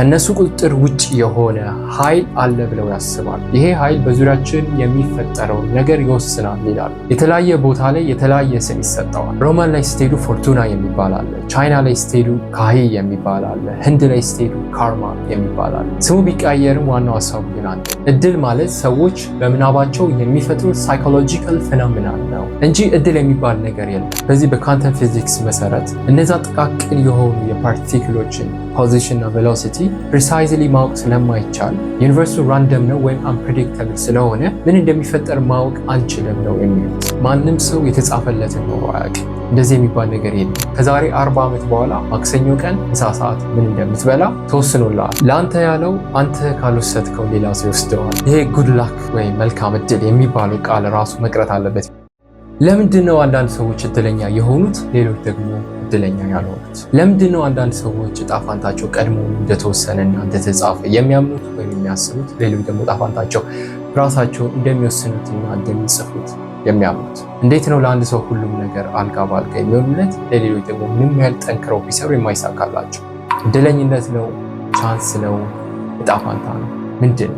ከነሱ ቁጥጥር ውጭ የሆነ ኃይል አለ ብለው ያስባል። ይሄ ኃይል በዙሪያችን የሚፈጠረው ነገር ይወስናል ይላል። የተለያየ ቦታ ላይ የተለያየ ስም ይሰጠዋል። ሮማን ላይ ስትሄዱ ፎርቱና የሚባል አለ፣ ቻይና ላይ ስትሄዱ ካሂ የሚባል አለ፣ ህንድ ላይ ስትሄዱ ካርማ የሚባል አለ። ስሙ ቢቀየርም ዋናው ሀሳቡ ግን አንድ። እድል ማለት ሰዎች በምናባቸው የሚፈጥሩት ሳይኮሎጂካል ፌኖሚናል ነው እንጂ እድል የሚባል ነገር የለም። በዚህ በኳንተም ፊዚክስ መሰረት እነዛ ጥቃቅን የሆኑ የፓርቲክሎችን ፖዚሽንና ቬሎሲቲ ፕሪሳይዝሊ ማወቅ ስለማይቻል ዩኒቨርሱ ራንደም ነው ወይም አንፕሬዲክተብል ስለሆነ ምን እንደሚፈጠር ማወቅ አንችልም ነው የሚሉት። ማንም ሰው የተጻፈለትን ኖሮ አያውቅም። እንደዚህ የሚባል ነገር የለም። ከዛሬ አርባ ዓመት በኋላ ማክሰኞ ቀን ምሳ ሰዓት ምን እንደምትበላ ተወስኖልሃል። ለአንተ ያለው አንተ ካልወሰድከው ሌላ ሰው ይወስደዋል። ይሄ ጉድ ላክ ወይም መልካም እድል የሚባለው ቃል ራሱ መቅረት አለበት። ለምንድን ነው አንዳንድ ሰዎች እድለኛ የሆኑት ሌሎች ደግሞ እድለኛ ያልሆኑት? ለምንድን ነው አንዳንድ ሰዎች ጣፋንታቸው ቀድሞ እንደተወሰነና እንደተጻፈ የሚያምኑት ወይም የሚያስቡት፣ ሌሎች ደግሞ ጣፋንታቸው ራሳቸው እንደሚወስኑትና እንደሚጽፉት የሚያምኑት? እንዴት ነው ለአንድ ሰው ሁሉም ነገር አልጋ ባልጋ የሚሆኑለት፣ ለሌሎች ደግሞ ምንም ያህል ጠንክረው ቢሰሩ የማይሳካላቸው? እድለኝነት ነው? ቻንስ ነው? እጣ ነው? ምንድን ነው?